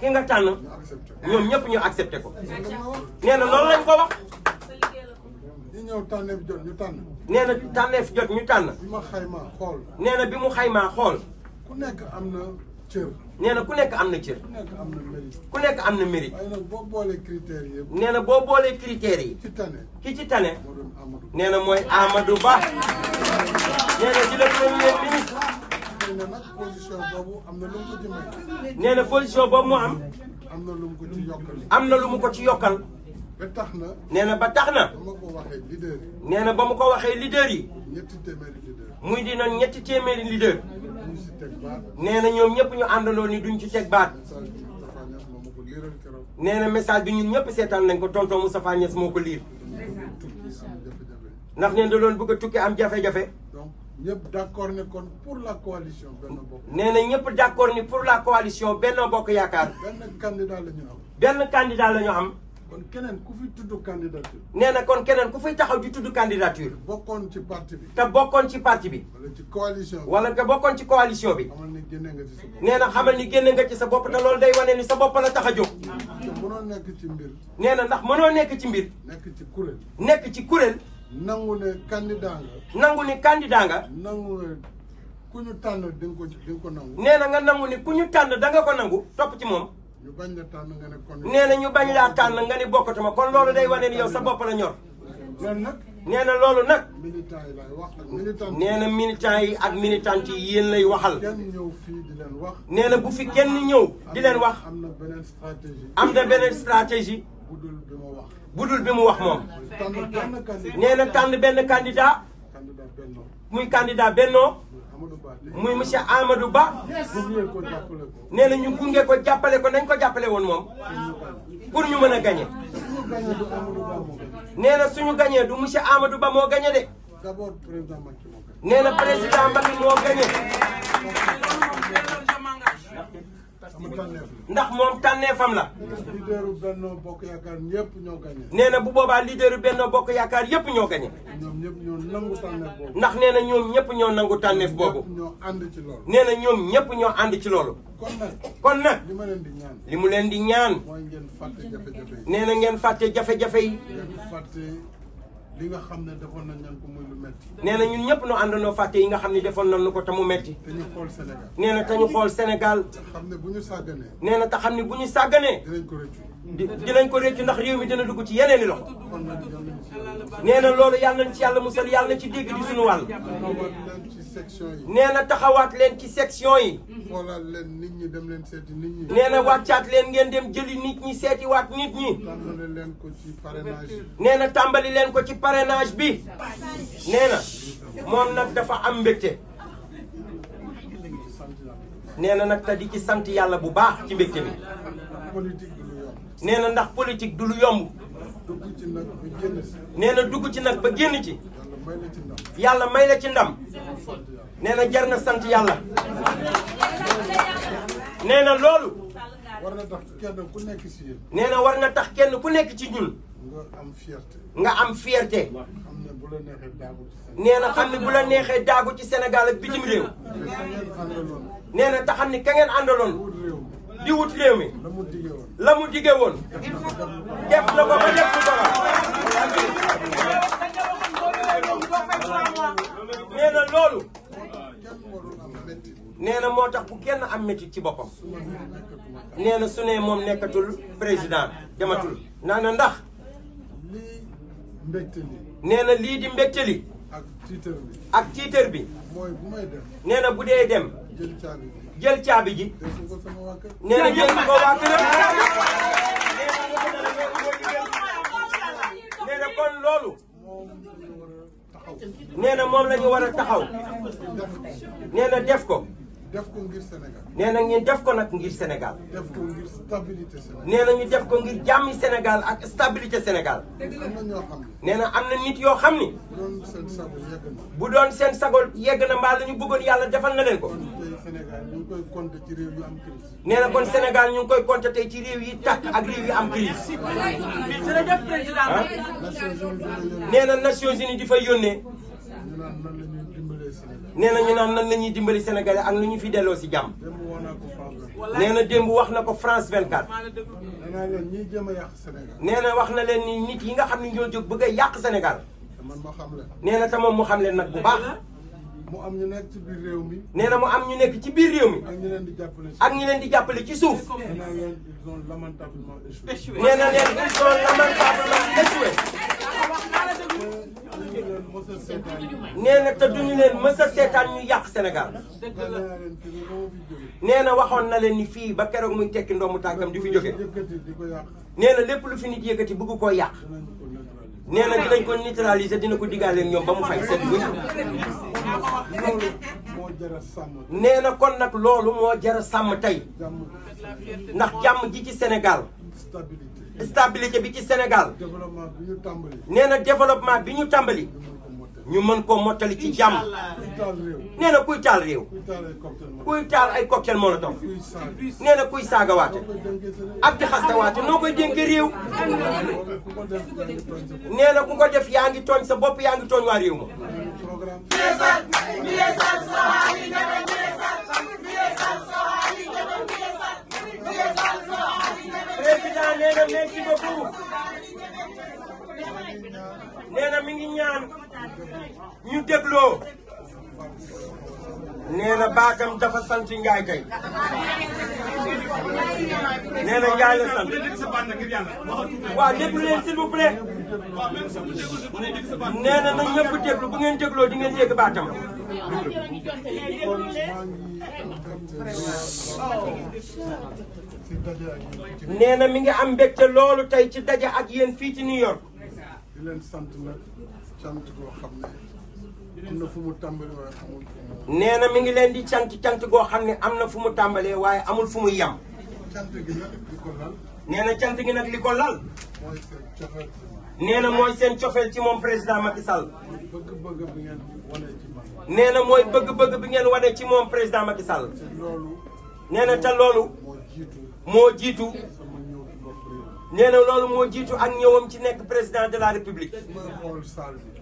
ki nga tànn ñoom ñëpp ñu accepté ko nee na loolu lañ ko wax ñu ñëw tànneef jot ñu tànn nee na tànneef jot ñu tànn bi ma xool nee bi mu xaymaa xool ku nekk am na cër nee ku nekk am na cër ku nekk am na mérite ku boo boolee critères yi nee na boo boolee critères yi ci tane ki ci tane nee na mooy Amadou Ba nee na la premier ministre nee na boobu am na lu mu ko boobu mu am. am na lu mu ko ci am na lu mu ko yokkal. ba tax na. nee na ba tax na. ba ko waxee nee na ba mu ko waxee leader yi. ñetti téeméeri leader. muy dina ñetti téeméeri leader. ñu si na ñoom ñëpp ñu àndandoo ni duñ ci teg baat. nee na message bi ñun ñëpp seetaan nañ ko tonton Moustapha Niass moo ko liir. ndax nee na da doon a tukki am jafe-jafe. ñëpp d'accord ne kon pour la coalition Benno Bokk. nee na ñëpp d'accord ni pour la coalition Benno Bokk Yaakaar. benn candidat la ñu am. benn candidat la ñu am. kon keneen ku fi tudd candidature. nee na kon keneen ku fi taxaw di tudd candidature. bokkoon ci parti te bokkoon ci parti bi. wala ci coalition bi. wala nga bokkoon ci coalition bi. xamal ni génne nga ci sa bopp. nee na xamal ni génne nga ci sa bopp te loolu day wane ni sa boppa la tax a jóg. mënoo nekk ci mbir. nee na ndax mënoo nekk ci mbir. nekk ci kuréel. nekk ci kuréel. nangu ne candidat nga. nangu ne candidat nga. nangu ne ku ñu tànn di nga ko di nga ko nangu. nee na nga nangu ne ku ñu tànn da nga ko nangu topp ci moom. ñu bañ la tànn nga ne kon. nee na ñu bañ laa tànn nga ne bokkatuma kon loolu day wane ni yow sa bopp la ñor. loolu nag. nee na loolu nag. militant yi lay wax nee na militant yi ak militant yi yéen lay waxal. kenn ñëw fii di leen wax. nee na bu fi kenn ñëw di leen wax. am na beneen stratégie. am na beneen stratégie. budul bi mu wax. budul bi mu wax moom. nee na tànn benn candidat. muy candidat Benno. muy monsieur Amadou Ba. nee na ñu gunge ko jàppale ko nañ ko jàppale woon moom. pour ñu mën a gagné. nee na suñu gañee du monsieur Amadou Ba moo gagné de. nee na président Macky moo gagné. ndax moom tànneefam la. leaderu Benno Bokk Yaakaar ñëpp ñoo gagné. nee na bu boobaa leaderu benn Bokk Yaakaar yëpp ñoo gagné. ndax nee na ñoom ñëpp ñoo nangu tànneef boobu. nee na ñoom ñëpp ñoo ànd ci loolu. kon nag li mu leen di ñaan. nee na ngeen fàtte jafe-jafe yi. li nga xam ne defoon nañ leen ko muy lu metti. nee na ñun ñëpp ñu àndandoo fàtte yi nga xam ni defoon na nañ ko te mu metti. te ñu nee na te ñu xool Sénégal. te xam ne bu ñu sàgganee. nee na te xam ne bu ñu sàgganee. dinañ di dinañ ko rëccu ndax réew mi dina dugg ci yeneeni loxo. nee na loolu yàlla na ci yàlla musal yàlla na ci dégg di suñu wàll. nee na taxawaat leen ci section yi. xoolaat leen dem leen seeti nit ñi. nee na leen ngeen dem jëli nit ñi seeti waat nit ñi. tàmbali leen ko ci parrainage. nee na tàmbali leen ko ci parenage bi. nee na moom nag dafa am mbégte. nee na nag te ci sant yàlla bu baax ci mbégte bi. nee na ndax politique du lu yomb. nee na dugg ci nag ba génn ci. yàlla may la ci ndam nee na jar na sant yàlla nee na loolu war na tax kenn ku nekk nee na war na tax kenn ku nekk ci ñun nga am fierté nga am fierté nee na xam ne bu la neexee daagu ci Sénégal ak bitim réew nee na taxam ni ka ngeen àndaloon di wut réew mi la mu dige woon def na ko ba def lu nee na loolu nee moo tax bu kenn am métit ci boppam nee na su ne moom nekkatul président dematul naa na ndax nee na lii di mbégte li ak tiitër bi nee bu dee dem jël caabi ji nee na jël ko waa këram nee na kon loolu nee na moom la ñu war a taxaw nee na def ko. def ko ngir Sénégal. nee na ngeen def ko nag ngir Sénégal. def ko ngir nee na ñu def ko ngir jàmmi Sénégal ak stabilité Sénégal. nee na am na nit yoo xam ni. bu doon seen sagol yegg na mbaa la ñu bëggoon yàlla defal na leen ko. koy compter ci am nee kon Sénégal ñu ngi koy compter ci réew yi tàkk ak réew yi am crise. jërëjëf président. ah nee na Nations Unies di fay yónnee. nee na ñu naan nan na ñuy dimbali Sénégal ak nu ñu fi delloo si jàmm. nee na démb wax na ko France 24. nee na wax na leen ni nit yi nga xam ne ñoo jóg bëgg a yàq Sénégal. nee na te moom mu xam leen nag bu baax. mu am ñu nekk ci mi. nee na mu am ñu nekk ci biir réew mi. ak ñu leen di jàppale ak ñu di jàppale ci suuf. nee na leen ils ont lamentablement échoué. nee na leen ils ont lamentablement échoué. nee na te duñu leen mës a seetaan ñu yàq Sénégal. nee na waxoon na leen ni fii ba keroog muy tekki mu tànkam di fi jóge. nee lépp lu fi nit yëkkati bëgg koo yàq. nee na dinañ ko neutraliser dina ko diggaale ñoom ba mu fay seen buy nee na kon nag loolu moo jara sàmm tey ndax jàmm ji ci Sénégal stabilité bi ci Sénégal nee na développement bi ñu tàmbali ñu mën koo mottali ci jàmm nee na kuy taal réew kuy taal ay cocktail molotov nee na kuy saagawaate ak di xastawaate noo koy dénke réew nee na ku ko def yaa ngi tooñ sa bopp yaa ngi tooñ waa réew ma président nee na merci beaucoup nee na mi ngi ñaan ñu dégloo nee na baagam dafa sant Ngaay Gay nee na Ngaay la sant waaw déglu leen s'il vous plaît nee na nag déglu bu ngeen dégloo di ngeen yëg baatam nee na mi ngi am mbégte loolu tey ci daje ak yéen fii ci New York sant nag cant goo xam ne am na na mi ngi leen di cant cant goo xam ne am na fu mu tàmbalee waaye amul fu mu yem. cant gi nag li ko lal. nee gi nag liko ko lal. mooy seen cofeel ci moom. nee na mooy seen cofeel ci moom président Macky Sall. bëgg nee na mooy bëgg-bëgg bi ngeen wane ci moom président Macky Sall. nee na te loolu. moo jiitu. nee loolu moo jiitu ak ñëwam ci nekk président de la république.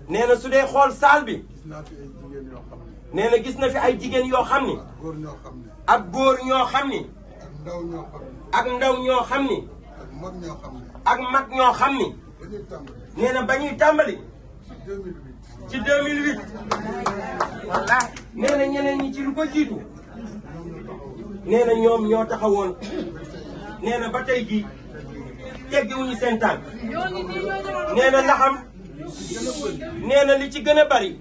nee na su dee xool saal bi. nee na gis na fi ay jigéen yoo xam ni. ak góor ñoo xam ni. ak ndaw ñoo xam ni. ak mag ñoo xam ni. nee na ba ñuy tàmbali. ci 2008. wallaahi nee na ñeneen ñi ci lu ko jiitu. nee ñoom ñoo taxawoon. nee na ba tey jii. teggiwuñu seen tànk nee na ndaxam li ci gën a bari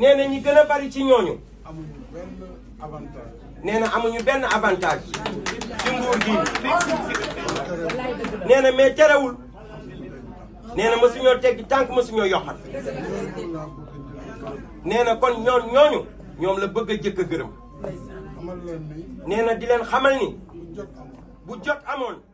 nee na ñi gën a bari ci ñooñu nee na amuñu benn avantage ci nguur gi nee na mais terewul nee na mësuñoo teggi tànk mësuñoo yoxal nee na kon ñoon ñooñu ñoom la bëgg a jëkk a gërëm nee na di leen xamal ni bu jot amoon